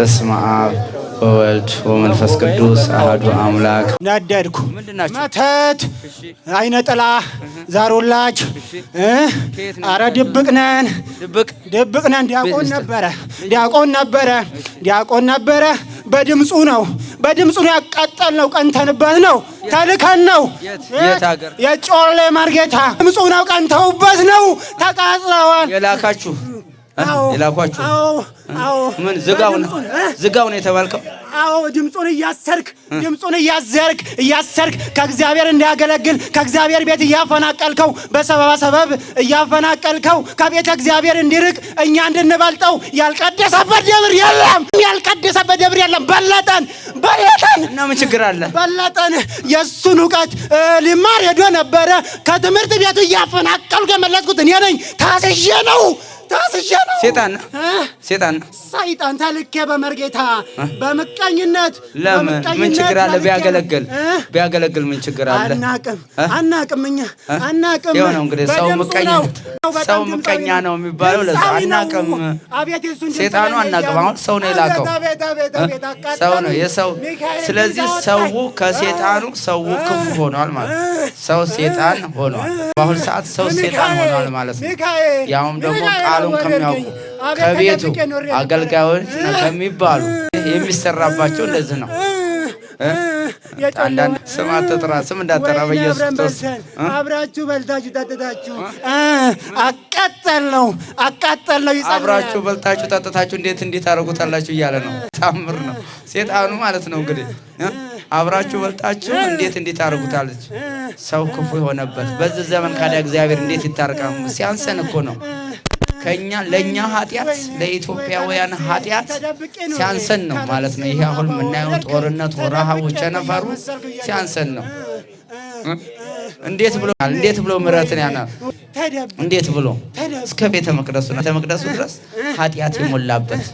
በስመ አብ ወወልድ ወመንፈስ ቅዱስ አህዱ አምላክ። ናደድኩ መተት አይነ ጥላ ዛሮላች አረ ድብቅ ነን ድብቅ ነን። ዲያቆን ነበረ ዲያቆን ነበረ ዲያቆን ነበረ። በድምፁ ነው በድምፁ ነው ያቃጠል ነው ቀንተንበት ነው ተልከን ነው የጮሌ ማርጌታ ድምፁ ነው ቀንተውበት ነው ተቃጥለዋል የላካችሁ የላኳችሁ ምን ዝጋውን ዝጋውን የተባልከው? አዎ ድምፁን እያሰርክ ድምፁን እያዘርክ እያሰርክ ከእግዚአብሔር እንዲያገለግል ከእግዚአብሔር ቤት እያፈናቀልከው በሰበባ ሰበብ እያፈናቀልከው ከቤተ እግዚአብሔር እንዲርቅ እኛ እንድንበልጠው ያልቀደሰበት ደብር የለም፣ ያልቀደሰበት ደብር የለም። በለጠን በለጠን እና ምን ችግር አለ? በለጠን የእሱን እውቀት ሊማር ሄዶ ነበረ። ከትምህርት ቤቱ እያፈናቀልኩ የመለስኩት እኔ ነኝ። ታስዤ ነው ታስሻ ነው። ሴጣን ነው። ሴጣን ነው። ሰይጣን ተልኬ በመርጌታ በምቀኝነት ምን ችግር አለ? ቢያገለግል ቢያገለግል ምን ችግር አለ? አናቅም አናቅም እኛ አናቅም። ይኸው ነው እንግዲህ ሰው ምቀኛ ሰው ምቀኛ ነው የሚባለው። ለዛ አናቅም፣ ሰይጣኑ አናቅም። አሁን ሰው ነው የላከው፣ ሰው ነው የሰው። ስለዚህ ሰው ከሰይጣኑ ሰው ክፉ ሆኗል ማለት ሰው ሰይጣን ሆኗል። በአሁን ሰዓት ሰው ሰይጣን ሆኗል ማለት ነው። ያውም ደግሞ ቃሉን ከሚያውቁ ከቤቱ አገልጋዮች ከሚባሉ የሚሰራባቸው እንደዚህ ነው። አንዳንድ ስም አትጥራ፣ ስም እንዳጠራ በኢየሱስ አብራችሁ በልታችሁ ጠጥታችሁ አቃጠልነው፣ አቃጠልነው ይጸልያል። አብራችሁ በልታችሁ ጠጥታችሁ እንዴት እንዲህ ታደርጉታላችሁ እያለ ነው። ታምር ነው ሴጣኑ ማለት ነው። እንግዲህ አብራችሁ በልታችሁ እንዴት እንዲህ ታደርጉታለች። ሰው ክፉ የሆነበት በዚህ ዘመን ካዲያ እግዚአብሔር እንዴት ይታርቃ? ሲያንሰን እኮ ነው ከኛ ለኛ ኃጢአት ለኢትዮጵያውያን ኃጢአት ሲያንሰን ነው ማለት ነው። ይህ አሁን የምናየው ጦርነት፣ ረሃቡ፣ ቸነፈሩ ሲያንሰን ነው። እንዴት ብሎ እንዴት ብሎ ምረትን ያና እንዴት ብሎ እስከ ቤተ መቅደሱ ቤተ መቅደሱ ድረስ ኃጢአት የሞላበት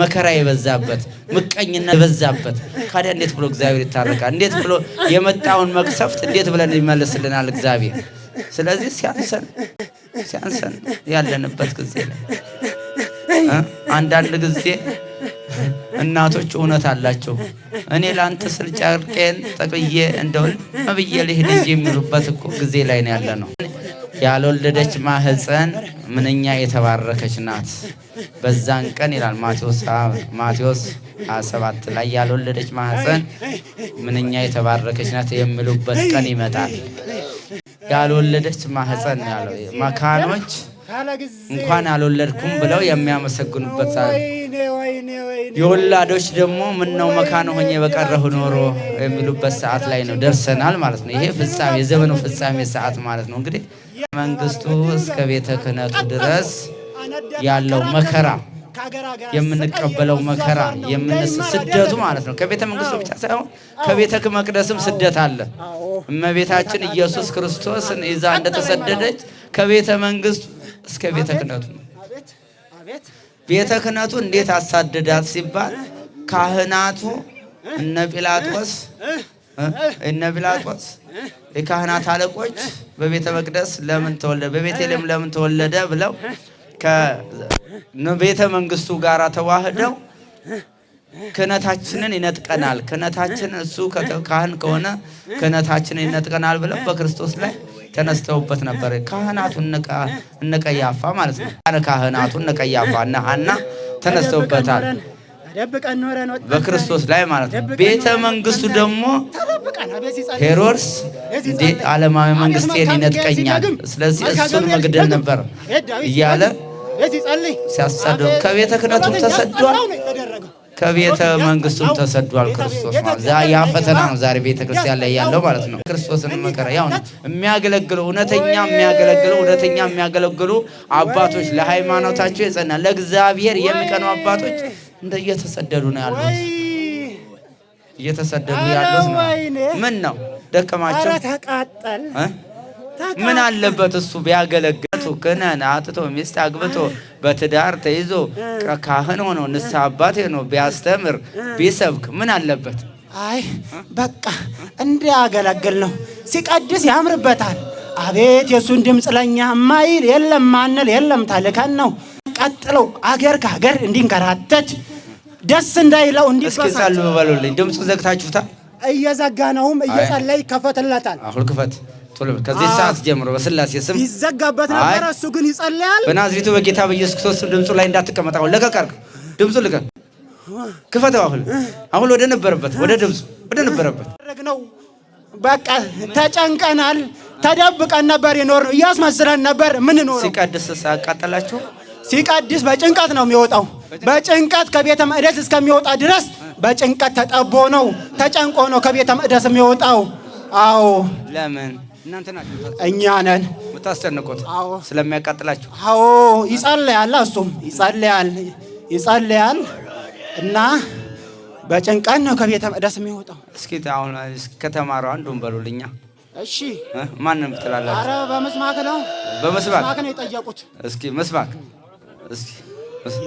መከራ የበዛበት ምቀኝነት የበዛበት ካዲያ እንዴት ብሎ እግዚአብሔር ይታረቃል? እንዴት ብሎ የመጣውን መቅሰፍት እንዴት ብለን ይመልስልናል እግዚአብሔር? ስለዚህ ሲያንሰን ሲያንሰን ያለንበት ጊዜ ነው። አንዳንድ ጊዜ እናቶች እውነት አላቸው። እኔ ለአንተ ስል ጨርቄን ጠቅዬ እንደውን መብዬ ልሂድ እንጂ የሚሉበት እኮ ጊዜ ላይ ነው ያለ ነው። ያልወለደች ማህፀን ምንኛ የተባረከች ናት። በዛን ቀን ይላል ማቴዎስ 27 ላይ ያልወለደች ማህፀን ምንኛ የተባረከች ናት የሚሉበት ቀን ይመጣል። ያልወለደች ማህፀን ያለው መካኖች እንኳን አልወለድኩም ብለው የሚያመሰግኑበት የወላዶች ደግሞ ምነው መካን ሆኜ በቀረሁ ኖሮ የሚሉበት ሰዓት ላይ ነው ደርሰናል ማለት ነው። ይሄ ፍጻሜ የዘመኑ ፍጻሜ ሰዓት ማለት ነው። እንግዲህ መንግስቱ እስከ ቤተ ክህነቱ ድረስ ያለው መከራ የምንቀበለው መከራ ስደቱ ማለት ነው። ከቤተ መንግስቱ ብቻ ሳይሆን ከቤተ መቅደስም ስደት አለ። እመቤታችን ኢየሱስ ክርስቶስን ይዛ እንደተሰደደች ከቤተ መንግስቱ እስከ ቤተ ክህነቱ ነው። ቤተ ክህነቱ እንዴት አሳደዳት ሲባል ካህናቱ እነ ጲላጦስ እነ ጲላጦስ የካህናት አለቆች በቤተ መቅደስ ለምን ተወለደ፣ በቤተልሔም ለምን ተወለደ ብለው ከቤተ መንግስቱ ጋር ተዋህደው ክህነታችንን ይነጥቀናል፣ ክህነታችን እሱ ካህን ከሆነ ክህነታችንን ይነጥቀናል ብለው በክርስቶስ ላይ ተነስተውበት ነበር። ካህናቱ እነ ቀያፋ ማለት ነው። ካህናቱ እነ ቀያፋ እና ሐና ተነስተውበታል በክርስቶስ ላይ ማለት ነው። ቤተ መንግስቱ ደግሞ ሄሮድስ ዓለማዊ መንግስቴን ይነጥቀኛል፣ ስለዚህ እሱን መግደል ነበር እያለ ሲያሳድዱ ከቤተ ክህነቱም ተሰዷል፣ ከቤተ መንግስቱም ተሰዷል። ክርስቶስ ማለት ያ ፈተና ነው ዛሬ ቤተ ክርስቲያን ላይ ያለው ማለት ነው። ክርስቶስን መከራ ያው የሚያገለግሉ እውነተኛ የሚያገለግሉ እውነተኛ የሚያገለግሉ አባቶች ለሃይማኖታቸው የጸና ለእግዚአብሔር የሚቀኑ አባቶች እንደ እየተሰደዱ ነው ያሉት፣ እየተሰደዱ ያሉት ነው። ምን ነው ደከማቸው ምን አለበት እሱ ቢያገለግቱ ክህነን አጥቶ ሚስት አግብቶ በትዳር ተይዞ ካህን ሆኖ ንስሐ አባት ሆኖ ቢያስተምር ቢሰብክ ምን አለበት? አይ በቃ እንዲያገለግል ነው። ሲቀድስ ያምርበታል። አቤት የእሱን ድምፅ ለእኛ ማይል የለም ማንል የለም። ታልከን ነው ቀጥለው አገር ከሀገር እንዲንከራተት ደስ እንዳይለው እንዲ ጸልዩ በሉልኝ። ድምፁ ዘግታችሁታ። እየዘጋ ነውም እየጸለይ ይከፈትለታል። አሁን ክፈት ቶሎ ከዚህ ሰዓት ጀምሮ በስላሴ ስም ይዘጋበት ነበር። እሱ ግን ይጸልያል። በናዝሪቱ በጌታ በኢየሱስ ክርስቶስ ስም ድምፁ ላይ እንዳትቀመጥ አሁን ለቀቅ አድርገው። ድምፁ ልቀቅ፣ ክፈተው። አሁን አሁን ወደ ነበረበት ወደ ድምፁ ወደ ነበረበት ነው። በቃ ተጨንቀናል። ተደብቀን ነበር የኖር ነው። እያስመስለን ነበር ምን ኖር ሲቀድስ ሳቃጠላችሁ ሲቀድስ በጭንቀት ነው የሚወጣው። በጭንቀት ከቤተ መቅደስ እስከሚወጣ ድረስ በጭንቀት ተጠቦ ነው ተጨንቆ ነው ከቤተ መቅደስ የሚወጣው። አዎ ለምን እናንተ ናችሁ እኛ ነን የምታስጨንቁት። ስለሚያቃጥላችሁ። አዎ ይጸልያል፣ እሱም ይጸልያል፣ ይጸልያል እና በጭንቀት ነው ከቤተ መቅደስ የሚወጣው። እስኪ አሁን ከተማረው አንዱን በሉልኛ። እሺ ማንም ትላላችሁ? ኧረ በምስማክ ነው፣ በምስማክ ነው የጠየቁት። እስኪ ምስማክ እስኪ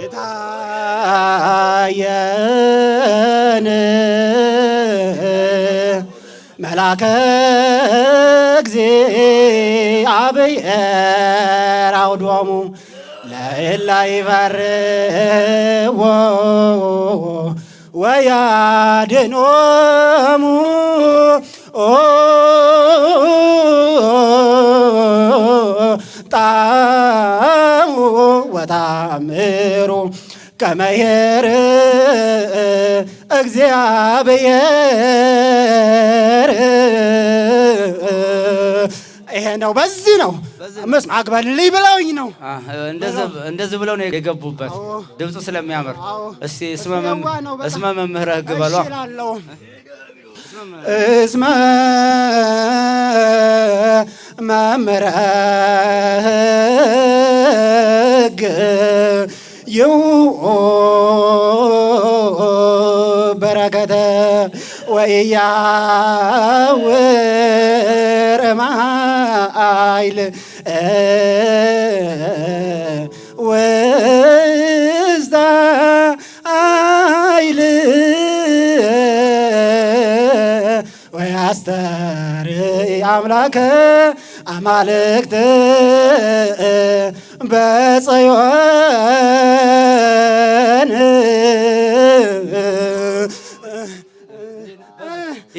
የታየን መላከ እግዚአብሔር አውዶሙ ለእላ ይባርዎ ወያድኖሙ ጣሙ ወታምሩ ከመሄር እግዚአብሔር ይሄ ነው። በዚህ ነው አግባልልኝ ብለውኝ ነው እንደዚህ ብለው ነው የገቡበት። ድምፁ ስለሚያምር እስመ መምህረ በሏ። እስመ መምህረ ይሁን ተመለከተ ወኢያውር ማይል ውስተ አይል ወያስተር አምላከ አማልክት በጽዮን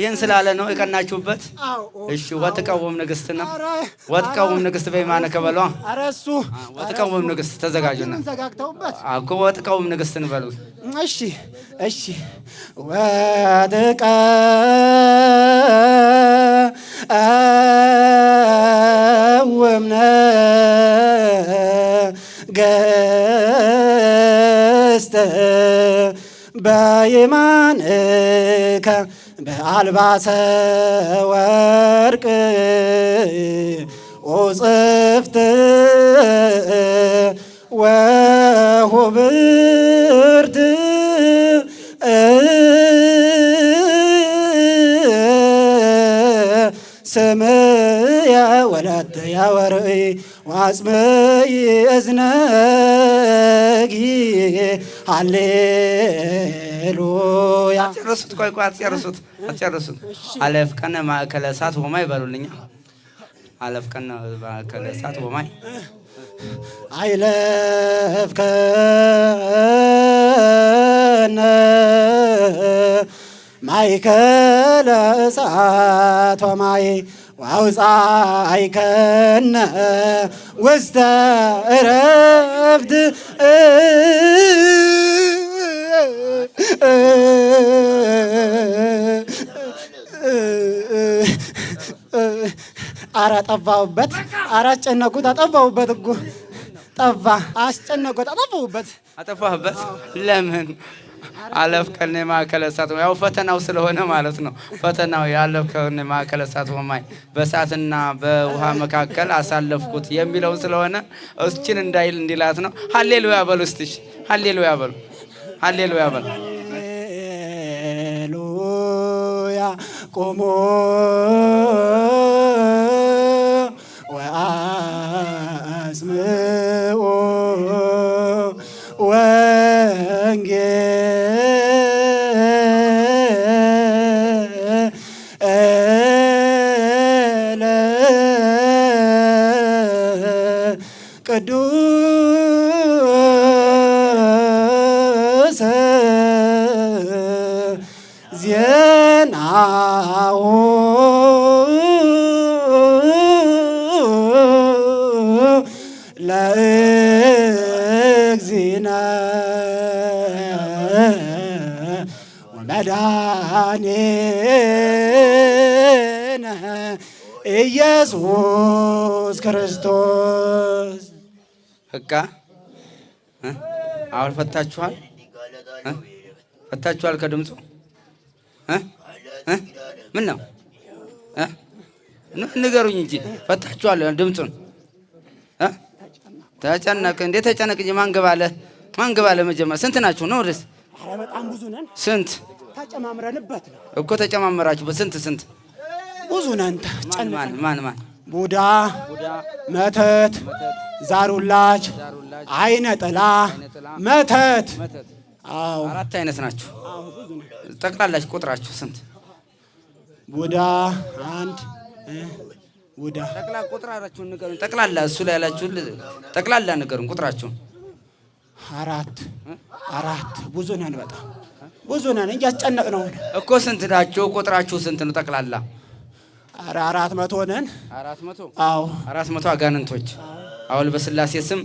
ይህን ስላለ ነው የቀናችሁበት። እሺ ወትቀውም ንግስት ነው ወትቀውም ንግስት በይማነ ከበሏ አረሱ ወትቀውም ንግስት ተዘጋጁ ነው። አኮ ወትቀውም ንግስት ንበሉ። እሺ እሺ ወትቀውም ንግስት ገስተ በይማንከ በአልባሰ ወርቅ ኦጽፍት ወሁብርት ስምየ ወላተያ ወርእይ ዋጽመይ እዝነጊ ሃሌ ሃሌሉያ። አትጨርሱት። ቆይ ቆይ፣ አትጨርሱት፣ አትጨርሱት። አለፍ ቀን ማእከለ እሳት ወማይ በሉልኛ። አለፍ ቀን ማእከለ እሳት ወማይ አይለፍ ከነ ማእከለ እሳት ወማይ ዋውፃእከነ ውስተ እረፍት አረ ጠባሁበት፣ አረ አስጨነቁት፣ አጠባሁበት እኮ ጠባ፣ አስጨነቁት፣ አጠባሁበት፣ አጠፋሁበት። ለምን አለፍከኔ ማእከለ እሳት ያው ፈተናው ስለሆነ ማለት ነው። ፈተናው ያለፍከኔ ማእከለ እሳት ወማይ በእሳትና በውሃ መካከል አሳለፍኩት የሚለውን ስለሆነ እስችን እንዳይል እንዲላት ነው። ሀሌሉያ በሉ፣ እስቲ ሀሌሉያ በሉ። ሃሌሉያ በል። ሉያ ቆሞ ወአስምኦ ወንጌ መዳኔነ ኢየሱስ ክርስቶስ። እቃ አሁን ፈታችኋል፣ ፈታችኋል ከድምፁ ምን ነው ንገሩኝ እንጂ ፈታችኋል። ድምፁን ተጨነቅ እንዴ? ተጨነቅ እንጂ ማንገባለ ማንገባለ መጀመር ስንት ናችሁ ነው ደስ ኧረ በጣም ብዙ ነን። ስንት ተጨማምረንበት ነው እኮ ተጨማምራችሁ። ስንት ስንት ብዙ ነን። ማን ማን ማን ቡዳ፣ መተት፣ ዛሩላች፣ አይነ ጥላ፣ መተት። አዎ አራት አይነት ናችሁ ጠቅላላችሁ ቁጥራችሁ ስንት? ቡዳ አንድ ቡዳ ጠቅላላ ቁጥራችሁን ንገሩን። ጠቅላላ እሱ ላይ ያላችሁ ጠቅላላ ንገሩን ቁጥራችሁን አራት አራት ብዙ ነን፣ በጣም ብዙ ነን። እያስጨነቅ ነው እኮ ስንት ናቸው? ቁጥራችሁ ስንት ነው ጠቅላላ? አራት መቶ ነን። አራት መቶ አዎ፣ አራት መቶ አጋንንቶች አሁን በስላሴ ስም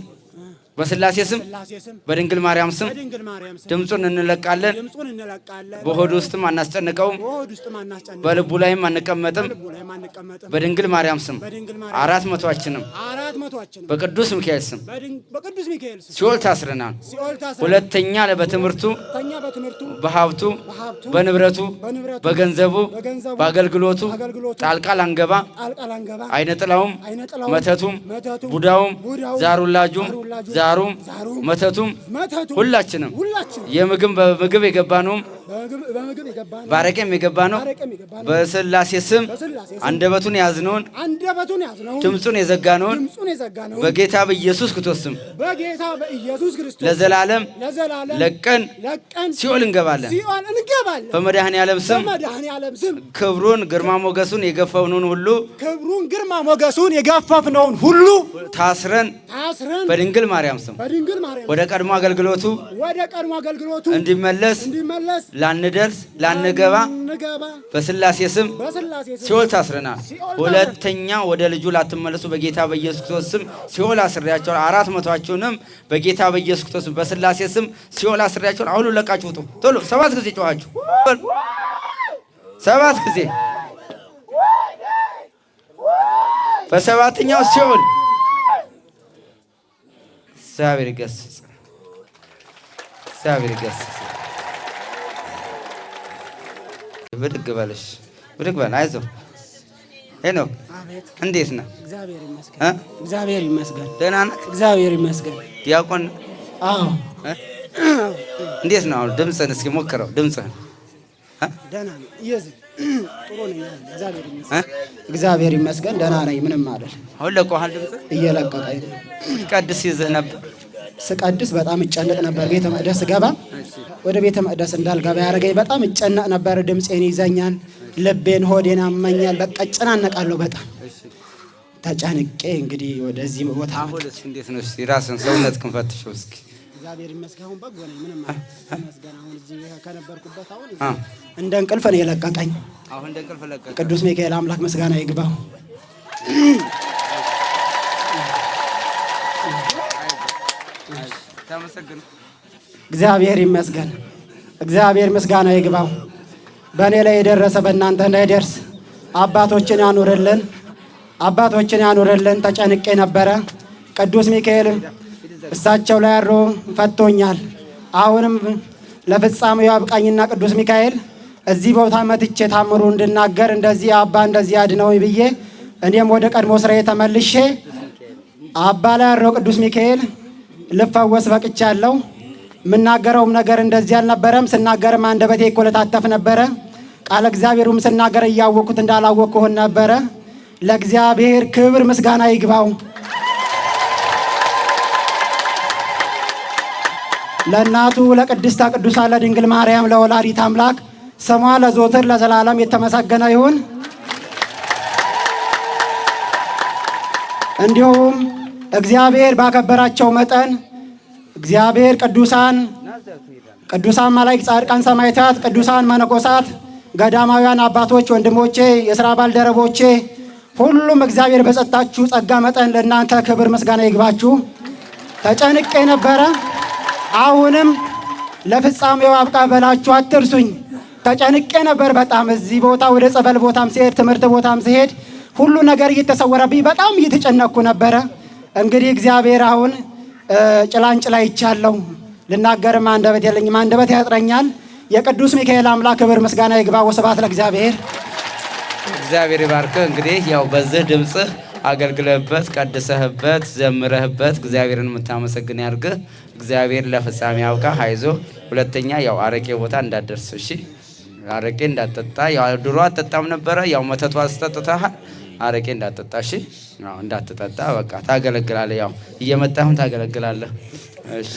በስላሴ ስም በድንግል ማርያም ስም ድምፁን እንለቃለን። በሆድ ውስጥም አናስጨንቀውም፣ በልቡ ላይም አንቀመጥም። በድንግል ማርያም ስም አራት መቶአችንም በቅዱስ ሚካኤል ስም ሲኦል ታስረናል። ሁለተኛ በትምህርቱ በሀብቱ በንብረቱ በገንዘቡ በአገልግሎቱ ጣልቃ ላንገባ አይነጥላውም፣ መተቱም ቡዳውም ዛሩላጁም ዛሩም መተቱም ሁላችንም የምግብ በምግብ የገባነውም ባረቄም የገባ ነው። በስላሴ ስም አንደበቱን ያዝነውን ድምፁን የዘጋነውን በጌታ በኢየሱስ ክርስቶስ ስም ለዘላለም ለቀን ሲኦል እንገባለን። በመድኃኔ ዓለም ስም ክብሩን ግርማ ሞገሱን የገፈፍነውን ሁሉ ክብሩን ግርማ ሞገሱን የገፈፍነውን ሁሉ ታስረን በድንግል ማርያም ስም ወደ ቀድሞ አገልግሎቱ እንዲመለስ ላንደርስ ላንገባ በስላሴ ስም ሲኦል ታስረናል። ሁለተኛ ወደ ልጁ ላትመለሱ በጌታ በኢየሱስ ክርስቶስ ስም ሲኦል አስሬያቸዋል። አራት መቶአችሁንም በጌታ በኢየሱስ ክርስቶስ በስላሴ ስም ሲኦል አስሬያቸዋል። አሁን ለቃችሁ ውጡ። ቶሎ ሰባት ጊዜ ጮኋችሁ፣ ሰባት ጊዜ በሰባተኛው ሲኦል እግዚአብሔር ይገስጽ፣ እግዚአብሔር ይገስጽ። ብድግ በልሽ፣ ብድግ በል፣ አይዞ ሄኖ፣ እንዴት ነህ? እግዚአብሔር ይመስገን። እግዚአብሔር ይመስገን። ደህና ነህ? እግዚአብሔር ይመስገን። ዲያቆን አዎ። እንዴት ነው? አሁን ድምፅህን እስኪ ሞክረው፣ ድምፅህን። ደህና ነኝ፣ ጥሩ ነው። እግዚአብሔር ይመስገን። ደህና ነኝ፣ ምንም አይደል። አሁን ለቀሃል? ድምፅህ እየለቀቀ ቀድስ ይዘህ ነበር ስቀድስ በጣም እጨነቅ ነበር። ቤተ መቅደስ ገባ ወደ ቤተ መቅደስ እንዳልገባ ያደረገኝ በጣም እጨነቅ ነበር። ድምፄን ይዘኛል፣ ልቤን ሆዴን አመኛል። በቃ እጨናነቃለሁ በጣም ተጨንቄ እንግዲህ ወደዚህ ቦታ እንዴት ነው? ራስን ሰውነት ክንፈትሽው እስኪ። እግዚአብሔር ይመስገን አሁን በጎ ነኝ። ምንም ይመስገን አሁን እዚህ ከነበርኩበት አሁን እንደ እንቅልፍ ነው የለቀቀኝ። አሁን እንደ እንቅልፍ ቅዱስ ሚካኤል አምላክ ምስጋና ይግባው። እግዚአብሔር ይመስገን። እግዚአብሔር ምስጋና ይግባው። በእኔ ላይ የደረሰ በእናንተ እንዳይደርስ አባቶችን ያኑርልን፣ አባቶችን ያኑርልን። ተጨንቄ ነበረ። ቅዱስ ሚካኤል እሳቸው ላይ አድሮ ፈቶኛል። አሁንም ለፍጻሜው ያብቃኝና ቅዱስ ሚካኤል እዚህ ቦታ መጥቼ ታምሩ እንድናገር እንደዚህ አባ እንደዚህ አድነው ብዬ እኔም ወደ ቀድሞ ስራዬ ተመልሼ አባ ላይ አድሮ ቅዱስ ሚካኤል ልፈወስ በቅቻለሁ። የምናገረውም ነገር እንደዚህ አልነበረም። ስናገርም አንደበቴ ይኮለታተፍ ነበረ። ቃለ እግዚአብሔሩም ስናገር እያወቅኩት እንዳላወቅኩ ሆን ነበረ። ለእግዚአብሔር ክብር ምስጋና ይግባው። ለእናቱ ለቅድስታ ቅዱሳን ለድንግል ማርያም ለወላዲት አምላክ ስሟ ለዘወትር ለዘላለም የተመሰገነ ይሁን። እንዲሁም እግዚአብሔር ባከበራቸው መጠን እግዚአብሔር ቅዱሳን ቅዱሳን መላእክት፣ ጻድቃን፣ ሰማዕታት፣ ቅዱሳን መነኮሳት፣ ገዳማውያን አባቶች፣ ወንድሞቼ፣ የሥራ ባልደረቦቼ ሁሉም እግዚአብሔር በጸጣችሁ ጸጋ መጠን ለእናንተ ክብር ምስጋና ይግባችሁ። ተጨንቄ ነበረ። አሁንም ለፍጻሜው አብቃ በላችሁ አትርሱኝ። ተጨንቄ ነበር በጣም እዚህ ቦታ ወደ ጸበል ቦታም ሲሄድ ትምህርት ቦታም ሲሄድ ሁሉ ነገር እየተሰወረብኝ በጣም እየተጨነኩ ነበረ። እንግዲህ እግዚአብሔር አሁን ጭላንጭላ አይቻለሁ፣ ልናገርም አንደበት የለኝም፣ አንደበት ያጥረኛል። የቅዱስ ሚካኤል አምላክ ክብር ምስጋና ይግባ። ወስብሐት ለእግዚአብሔር። እግዚአብሔር ይባርክ። እንግዲህ ያው በዚህ ድምፅህ አገልግለህበት ቀድሰህበት ዘምረህበት እግዚአብሔርን የምታመሰግን ያድርግህ። እግዚአብሔር ለፍጻሜ ያውቃ። ሀይዞ ሁለተኛ ያው አረቄ ቦታ እንዳደርስ እሺ። አረቄ እንዳጠጣ ያው ድሮ አጠጣም ነበረ። ያው መተቷ አስጠጥተሃል አረቄ እንዳጠጣ እሺ፣ እንዳትጠጣ በቃ ታገለግላለህ። ያው እየመጣሁን ታገለግላለህ። እሺ